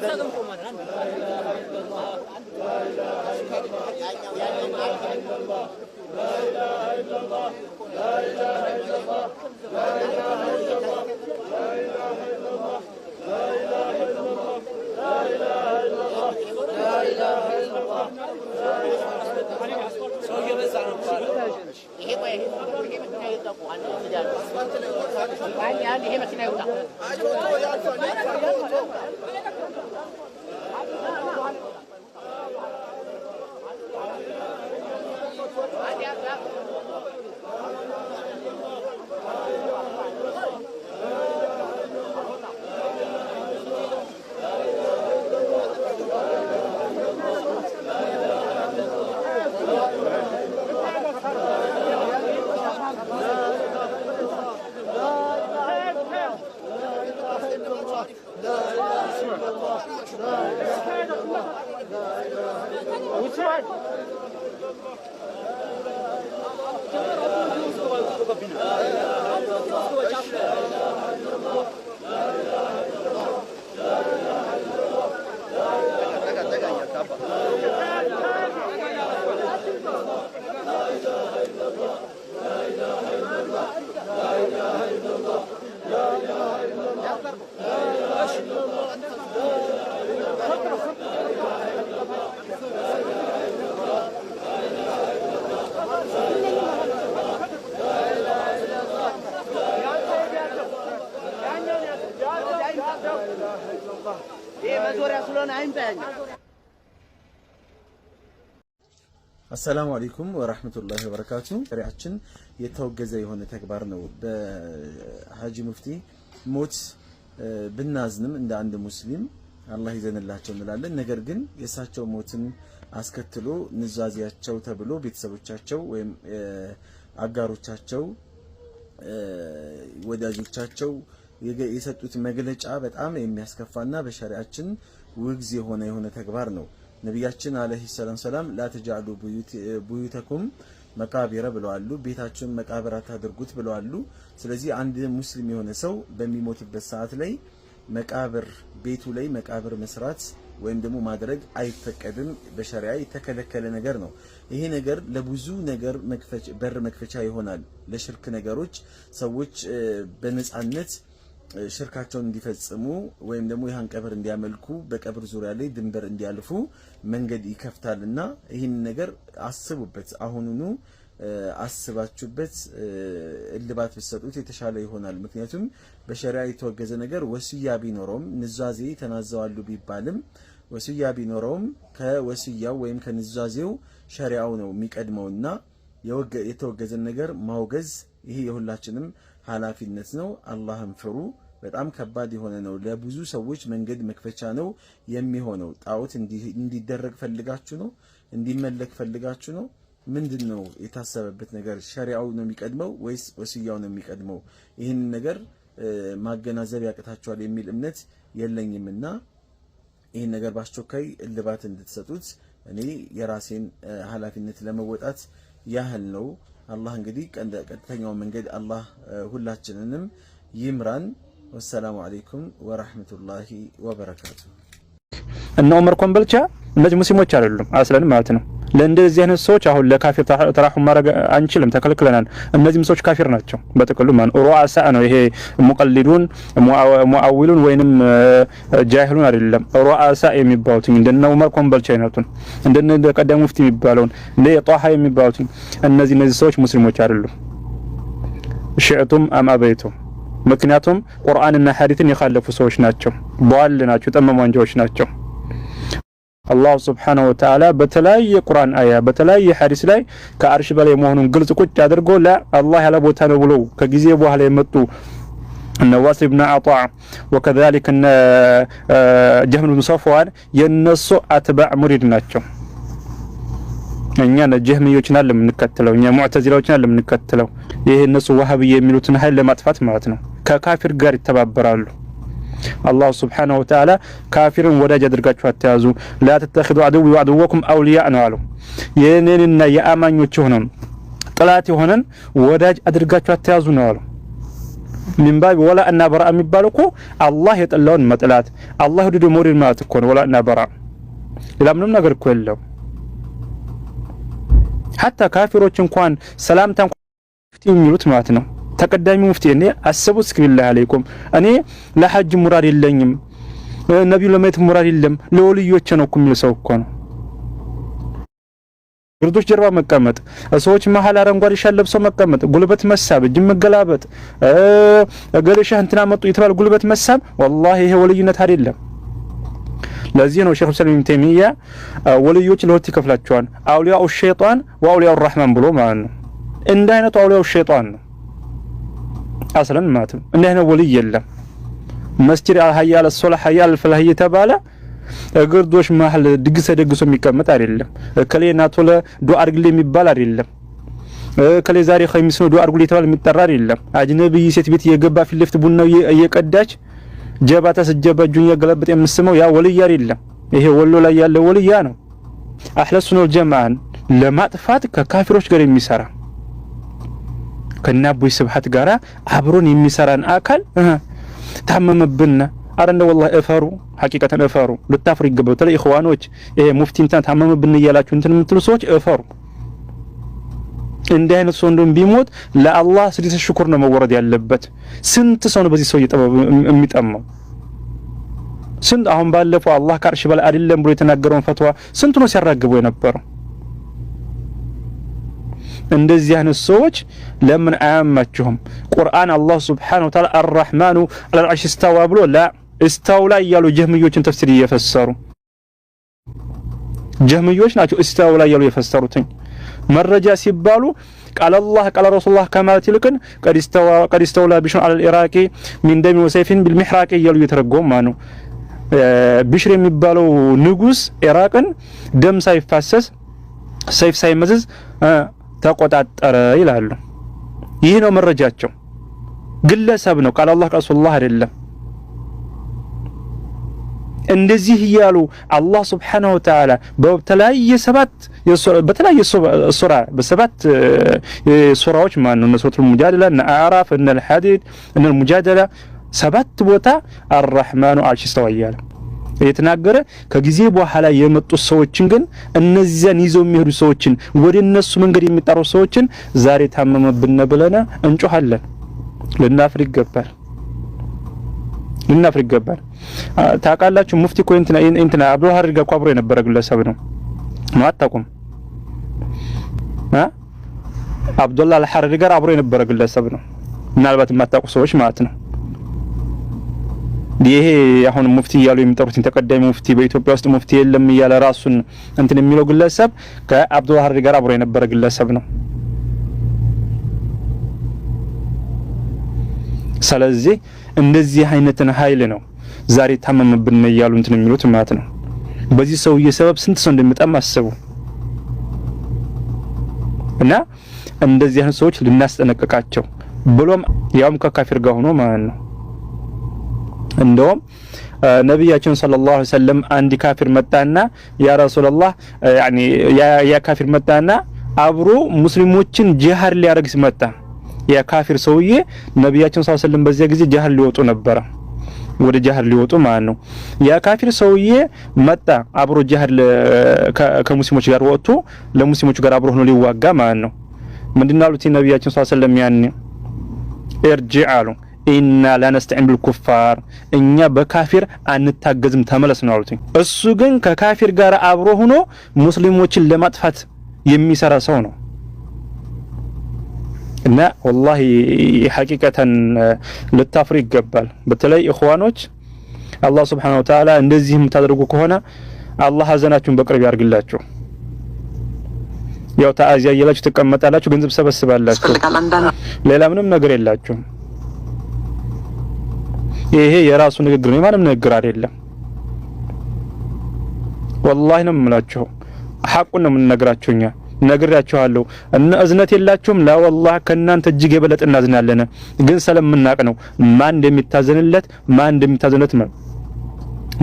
감사금 포만을 합니다. ይሄ መኪና ይውጣ Combinado. ይህ መዞሪያ ስለሆነ አይምታያኝ። አሰላሙ አለይኩም ወራህመቱላሂ ወበረካቱ። ሪያችን የተወገዘ የሆነ ተግባር ነው። በሀጂ ሙፍቲ ሞት ብናዝንም እንደ አንድ ሙስሊም አላህ ይዘንላቸው እንላለን። ነገር ግን የእሳቸው ሞትን አስከትሎ ንዛዜያቸው ተብሎ ቤተሰቦቻቸው ወይም አጋሮቻቸው፣ ወዳጆቻቸው የሰጡት መግለጫ በጣም የሚያስከፋና በሸሪያችን ውግዝ የሆነ የሆነ ተግባር ነው። ነቢያችን አለይሂ ሰላም ሰላም ላተጃሉ ቡዩተኩም መቃብረ ብለዋሉ። ቤታችሁን መቃብር አታድርጉት ብለዋሉ። ስለዚህ አንድ ሙስሊም የሆነ ሰው በሚሞትበት ሰዓት ላይ መቃብር ቤቱ ላይ መቃብር መስራት ወይም ደግሞ ማድረግ አይፈቀድም። በሸሪያ የተከለከለ ነገር ነው። ይሄ ነገር ለብዙ ነገር በር መክፈቻ ይሆናል። ለሽርክ ነገሮች ሰዎች በነፃነት ሽርካቸውን እንዲፈጽሙ ወይም ደግሞ ይህን ቀብር እንዲያመልኩ በቀብር ዙሪያ ላይ ድንበር እንዲያልፉ መንገድ ይከፍታል እና ይህን ነገር አስቡበት። አሁኑኑ አስባችሁበት እልባት ብትሰጡት የተሻለ ይሆናል። ምክንያቱም በሸሪያ የተወገዘ ነገር ወስያ ቢኖረውም ንዛዜ ተናዘዋሉ ቢባልም ወስያ ቢኖረውም ከወስያው ወይም ከንዛዜው ሸሪያው ነው የሚቀድመውና የተወገዘን ነገር ማውገዝ ይሄ የሁላችንም ኃላፊነት ነው። አላህን ፍሩ። በጣም ከባድ የሆነ ነው። ለብዙ ሰዎች መንገድ መክፈቻ ነው የሚሆነው። ጣዖት እንዲደረግ ፈልጋችሁ ነው? እንዲመለክ ፈልጋችሁ ነው? ምንድን ነው የታሰበበት ነገር? ሸሪዓው ነው የሚቀድመው ወይስ ወስያው ነው የሚቀድመው? ይህን ነገር ማገናዘብ ያቅታችኋል የሚል እምነት የለኝምና ይህን ነገር በአስቸኳይ እልባት እንድትሰጡት እኔ የራሴን ኃላፊነት ለመወጣት ያህል ነው። አላህ እንግዲህ ቀጥተኛው መንገድ አላህ ሁላችንንም ይምራን። ወሰላሙ አለይኩም ወራህመቱላሂ ወበረካቱ። እነ ዑመር ኮምበልቻ እነዚህ ሙስሊሞች አይደሉም አስለን ማለት ነው። ለእንደዚህ አይነት ሰዎች አሁን ለካፊር ተራሑ ማድረግ አንችልም፣ ተከልክለናል። እነዚህም ሰዎች ካፊር ናቸው። በጥቅሉ ማን ሩአሳ ነው ይሄ ሙቀሊዱን ሙአዊሉን ወይንም ጃሂሉን አይደለም። ሩአሳ የሚባሉት እንደነ ዑመር ኮምበልቻ አይነቱን እንደነ ቀዳሚ ሙፍቲ የሚባለውን እንደ ጧሃ የሚባሉት እነዚህ እነዚህ ሰዎች ሙስሊሞች አይደሉም። ሽዕቱም አም ምክንያቱም ቁርአንና ሐዲትን የካለፉ ሰዎች ናቸው። በዋል ናቸው። ጠመም ናቸው። አላሁ ስብሓነሁ ወተዓላ በተለያየ ቁርአን አያ በተለያየ ሐዲስ ላይ ከአርሽ በላይ መሆኑን ግልጽ ቁጭ አድርጎ ለአላህ ያለ ቦታ ነው ብለው ከጊዜ በኋላ የመጡ ነዋስ ብን አጣ ወከዛሊክ እነ ጀህም ብን ሰፍዋን የነሱ አትባዕ ሙሪድ ናቸው። እኛ ጀህሚዮችን አለ የምንከተለው፣ እኛ ሙዕተዚላዎችን አለ የምንከተለው። ይሄ እነሱ ዋሃብዬ የሚሉትን ኃይል ለማጥፋት ማለት ነው። ከካፊር ጋር ይተባበራሉ። አላሁ ስብሓነሁ ወተዓላ ካፊርን ወዳጅ አድርጋችሁ አተያዙ፣ ላተተኪዱ አድዊ ወአድወኩም አውልያ ነው አለው። የእኔንና የአማኞች የሆነን ጥላት የሆነን ወዳጅ አድርጋችሁ አተያዙ ነው አለው። ሚንባቢ ወላ እና በራ የሚባለው እኮ አላህ የጠላውን መጥላት አላህ ወደደ መውደድ ማለት እኮ ነው። ወላ እና በራ ሌላ ምንም ነገር እኮ የለው። ሀታ ካፊሮች እንኳን ሰላምታ የሚሉት ማለት ነው ተቀዳሚ ሙፍቲ እኔ አሰቡ እስክቢላ አለይኩም እኔ ለሐጅ ሙራድ የለኝም፣ ነቢዩ ለማየት ሙራድ የለም፣ ለወልዮቼ ነው እኮ የሚል ሰው እኮ ነው። ግርዶች ጀርባ መቀመጥ፣ ሰዎች መሀል አረንጓዴ ሻል ለብሰው መቀመጥ፣ ጉልበት መሳብ፣ እጅ መገላበጥ፣ እገሌ ሼህ እንትና መጡ የተባለ ጉልበት መሳብ፣ ወላሂ ይሄ ወልይነት አይደለም። ለዚህ ነው ሼኹል ሰለም ተሚያ ወልዮች ለሁለት ይከፍላቸዋል፣ አውሊያው ሸይጣን ወአውሊያው ራህማን ብሎ ማለት ነው። እንደ አይነቱ አውሊያኡ ሸይጣን ነው አስለን ማለት ነው። እንዲህ ነው ወልይ የለም። መስጂድ አልሀያ ለሶላህ ሀያ ለፈላህ እየተባለ እግርዶሽ መሀል ድግስ ደግሶ የሚቀመጥ አይደለም። እከሌ ናቶ ለዱአ አድርግልኝ የሚባል አይደለም። እከሌ ዛሬ ኸሚስ ነው ዱአ አድርጉልኝ የተባለ የሚጠራ አይደለም። አጅነቢይ ሴት ቤት እየገባ ፊት ለፊት ቡናው እየቀዳች ጀባ ተስጀባ እጁን እያገለበጠ የምስመው ያ ወልይ አይደለም። ይሄ ወሎ ላይ ያለ ወልያ ነው። አህለ ሱና ለማጥፋት ከካፊሮች ጋር የሚሰራ ከእነ አቦይ ስብሐት ጋራ አብሮን የሚሰራን አካል ታመመብን። አረ እንደው ወላሂ እፈሩ፣ ሐቂቀተን እፈሩ። ልታፍሩ ይገባል። በተለይ ኢኽዋኖች ይሄ ሙፍቲ እንትና ታመመብን እያላችሁ እንትን የምትሉ ሰዎች እፈሩ። እንዲህ አይነት ሰው እንደውም ቢሞት ለአላህ ስለዚህ ሽኩር ነው መወረድ ያለበት። ስንት ሰው ነው በዚህ ሰው የሚጠማው? ስንት አሁን ባለፈው አላህ ከአርሽ በላይ አይደለም ብሎ የተናገረውን ፈትዋ ስንት ነው ሲያራግበው የነበረው? እንደዚህ አይነት ሰዎች ለምን አያማችሁም? ቁርአን አላህ ሱብሓነሁ ወተዓላ አርራሕማኑ ዐለል ዐርሽ ኢስተዋ ብሎ ላ ኢስተውላ እያሉ ጀህምዮችን ተፍሲር እየፈሰሩ ጀህምዮች ናቸው ኢስተውላ እያሉ የፈሰሩትኝ መረጃ ሲባሉ ቃለ አላህ ቃለ ረሱሉላህ ከማለት ይልቅን ቀድ ኢስተውላ ቢሽሩን ዐለል ኢራቂ ሚን ደሚን ወሰይፊን ቢልሚሕራቂ እያሉ እየተረጎሙ ነው። ቢሽር የሚባለው ንጉሥ ኢራቅን ደም ሳይፋሰስ ሰይፍ ሳይመዝዝ ተቆጣጠረ ይላሉ። ይህ ነው መረጃቸው። ግለሰብ ነው ቃል አላህ ረሱሉላህ አይደለም። እንደዚህ እያሉ አላህ ስብሓነሁ ወተዓላ በተለያየ ሰባት በተለያየ ሱራ በሰባት ሱራዎች ማን ነው ሱረቱል ሙጃደላ እና አዕራፍ እና አልሐዲድ እና ሙጃደላ ሰባት ቦታ አርራህማኑ አርሽ ስተዋ የተናገረ ከጊዜ በኋላ የመጡ ሰዎችን ግን እነዚያን ይዘው የሚሄዱ ሰዎችን ወደ እነሱ መንገድ የሚጠሩ ሰዎችን ዛሬ ታመመብን ብለና እንጮሃለን። ልናፍር ይገባል፣ ልናፍር ይገባል። ታውቃላችሁ ሙፍቲ እኮ እንትና እንትና አብዱ ሀሪር ጋር አብሮ የነበረ ግለሰብ ነው። አታውቁም? አብዱላህ አልሐሪ ጋር አብሮ የነበረ ግለሰብ ነው። ምናልባት የማታውቁ ሰዎች ማለት ነው። ይሄ አሁን ሙፍቲ እያሉ የሚጠሩትን ተቀዳሚ ሙፍቲ በኢትዮጵያ ውስጥ ሙፍቲ የለም እያለ ራሱን እንትን የሚለው ግለሰብ ከአብዱልሀሪ ጋር አብሮ የነበረ ግለሰብ ነው። ስለዚህ እንደዚህ አይነትን ኃይል ነው ዛሬ ታመምብን እያሉ እንትን የሚሉት ማለት ነው። በዚህ ሰውዬ ሰበብ ስንት ሰው እንደሚጠም አስቡ። እና እንደዚህ አይነት ሰዎች ልናስጠነቅቃቸው ብሎም ያውም ከካፊር ጋር ሆኖ ማለት ነው እንደውም ነቢያችን ሰለላሁ ዐለይሂ ወሰለም አንድ ካፊር መጣና ያ ረሱላህ ያኒ ያ ካፊር መጣና አብሮ ሙስሊሞችን ጂሃድ ሊያደርግ መጣ። ያ ካፊር ሰውዬ ነቢያችን ሰለላሁ ዐለይሂ ወሰለም በዚያ ጊዜ ጂሃድ ሊወጡ ነበረ ወደ ጂሃድ ሊወጡ ማለት ነው። ያ ካፊር ሰውዬ መጣ አብሮ ጂሃድ ከሙስሊሞች ጋር ወጥቶ ለሙስሊሞች ጋር አብሮ ሆኖ ሊዋጋ ማለት ነው። ምንድን አሉት ነቢያችን ሰለላሁ ዐለይሂ ወሰለም ያኔ እርጅ አሉ ኢና ላነስተዒን ብልኩፋር እኛ በካፊር አንታገዝም ተመለስ ነው አሉት። እሱ ግን ከካፊር ጋር አብሮ ሆኖ ሙስሊሞችን ለማጥፋት የሚሰራ ሰው ነው እና ወላሂ ሐቂቀተን ልታፍሩ ይገባል። በተለይ እኽዋኖች አላህ ስብሓነሁ ወተዓላ እንደዚህ የምታደርጉ ከሆነ አላህ ሀዘናችሁን በቅርብ ያርግላችሁ። ያው ታዚያ እያላችሁ ትቀመጣላችሁ፣ ገንዘብ ሰበስባላችሁ፣ ሌላ ምንም ነገር የላችሁም። ይሄ የራሱ ንግግር ነው፣ የማንም ንግግር አይደለም። ወላሂ ነው የምላችሁ፣ ሐቁን ነው የምንነግራችሁ። እኛ ነግራችኋለሁ፣ እና እዝነት የላችሁም። ላ ወላሂ ከእናንተ እጅግ የበለጥ እናዝናለን፣ ግን ስለምናቅ ነው ማን እንደሚታዘንለት ማን እንደሚታዘንለት ነው።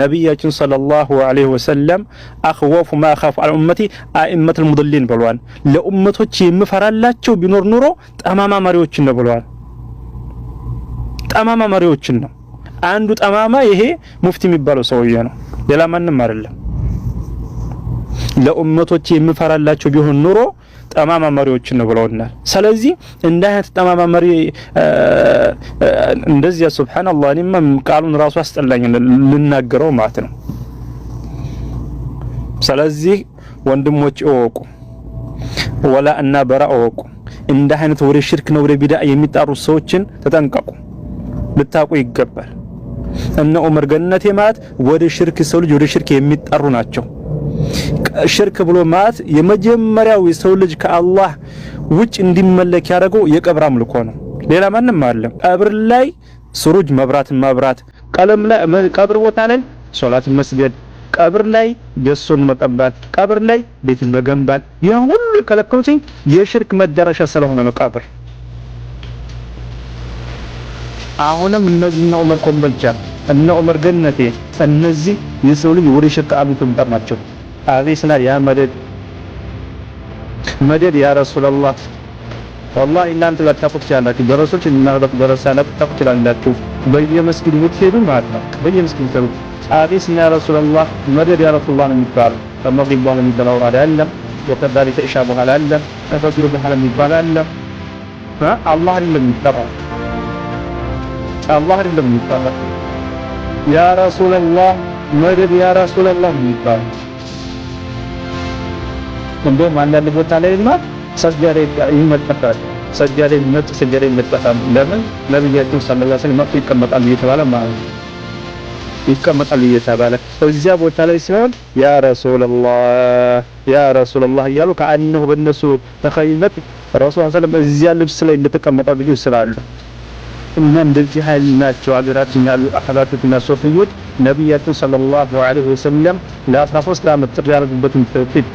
ነቢያችን ሰለላሁ ዐለይሂ ወሰለም አኽወፉ ማ አኻፉ ዐላ ኡመቲ አኢመቱል ሙድሊን ብለዋል። ለኡመቶች የምፈራላቸው ቢኖር ኑሮ ጠማማ መሪዎችን ነው ብለዋል። ጠማማ መሪዎችን ነው አንዱ ጠማማ ይሄ ሙፍቲ የሚባለው ሰውዬ ነው፣ ሌላ ማንም አይደለም። ለኡመቶች የምፈራላቸው ቢሆን ኑሮ ጠማማ መሪዎችን ነው ብለውናል። ስለዚህ እንደ አይነት ጠማማ መሪ እንደዚያ ሱብሃንአላህ፣ እኔማ ቃሉን ራሱ አስጠላኝ ልናገረው ማለት ነው። ስለዚህ ወንድሞች እወቁ፣ ወላ እና በራ እወቁ። እንደ አይነት ወደ ሽርክ ነው ወደ ቢዳ የሚጣሩ ሰዎችን ተጠንቀቁ፣ ልታቁ ይገባል። እነ ዑመር ገነቴ ማለት ወደ ሽርክ ሰው ልጅ ወደ ሽርክ የሚጠሩ ናቸው። ሽርክ ብሎ ማለት የመጀመሪያው የሰው ልጅ ከአላህ ውጭ እንዲመለክ ያደረገው የቀብር አምልኮ ነው። ሌላ ማንም አለም ቀብር ላይ ስሩጅ መብራትን ማብራት፣ ቀለም ላይ ቀብር ቦታ ላይ ሶላት መስገድ፣ ቀብር ላይ ገሶን መቀባት፣ ቀብር ላይ ቤትን መገንባት፣ ያ ሁሉ የከለከሉትኝ የሽርክ መዳረሻ ስለሆነ ነው ቀብር አሁንም እነዚህ ነው መልኮም النعمر جنتي النزي يسولي يوري شك أبي ثم برمتشو أغيسنا يا مدد مدد يا رسول الله والله إن أنت لا تقف جانك برسول إن أنت برسانا تقف جانك بيدي مسكين متخيب معنا بيدي مسكين تقف أغيسنا يا رسول الله مدد يا رسول الله المكار فمغيب الله من دلوه على ألم وكذلك إشابه على ألم أفكر بحال المكار على ألم فالله لم يتبع الله لم يتبع ያ ረሱለላህ መደድ ያ ረሱለላህ የሚባል እንደውም አንዳንድ ቦታ ላይ ይመጣል ሰጃዳ ይመጠፋል። ሰጃዳ ይመጥ ሰጃዳ ይመጠፋል። ለምን ነብያችን ሰለላሁ ዐለይሂ ወሰለም ይቀመጣሉ እየተባለ ማለት ነው። ይቀመጣሉ እየተባለ እዚያ ቦታ ላይ ሲሆን ያ ረሱለላህ ያ ረሱለላህ እያሉ ከአንሁ በእነሱ ተኸይመት ረሱል ሰለላሁ ዐለይሂ ወሰለም እዚያ ልብስ ላይ እንደተቀመጠ ልጅ ስላሉ እና እንደዚህ ኃይል ናቸው ሀገራችን ያሉ አካላትና ሶፍዮች ነቢያችን ሰለላሁ ዐለይሂ ወሰለም ለ13 ዓመት ጥሪ ያደረጉበትን ተውሂድ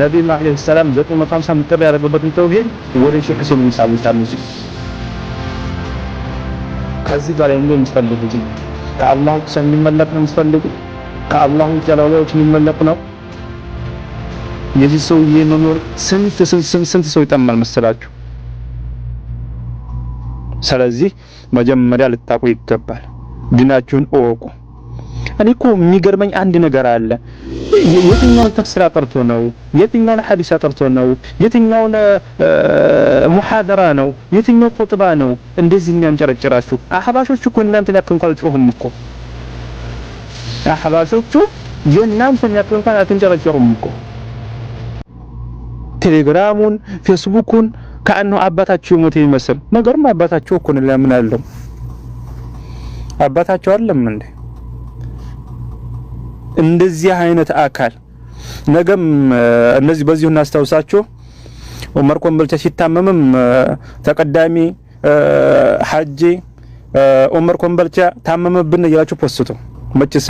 ነቢዩ ዐለይሂ ሰላም 950 ዓመት ጥሪ ያደረጉበትን ተውሂድ ወደ ሼክ ሁሴን ይሳውታሉ። ከዚህ ጋር እንደ የሚፈልጉ ከአላህ ብቻ የሚመለክ ነው የሚፈልጉ ከአላህ ብቻ ለውጭ የሚመለክ ነው። የዚህ ሰውዬ መኖር ስንት ስንት ሰው ይጠማል መሰላችሁ? ስለዚህ መጀመሪያ ልታቁ ይገባል። ዲናችሁን እወቁ። እኔ እኮ የሚገርመኝ አንድ ነገር አለ። የትኛውን ተፍሲር አጥርቶ ነው? የትኛውን ሐዲስ አጥርቶ ነው? የትኛውን ሙሐደራ ነው? የትኛው ቁጥባ ነው? እንደዚህ የሚያንጨረጭራችሁ አህባሾቹ እኮ እናንተን ያክል እንኳን አልጮሁም እኮ አህባሾቹ የእናንተን ያክል እንኳን አትንጨረጭሩም እኮ ቴሌግራሙን ፌስቡኩን ከአነው አባታቸው ይሞት ይመስል ነገርም አባታቸው እኮ ነው። ለምን አለው አባታቸው አለም እንዴ? እንደዚህ አይነት አካል ነገም እነዚህ በዚሁ እናስታውሳችሁ። ዑመር ኮምቦልቻ ሲታመምም ተቀዳሚ ሐጂ ዑመር ኮምቦልቻ ታመመብን እያላችሁ ፖስቱ መችስ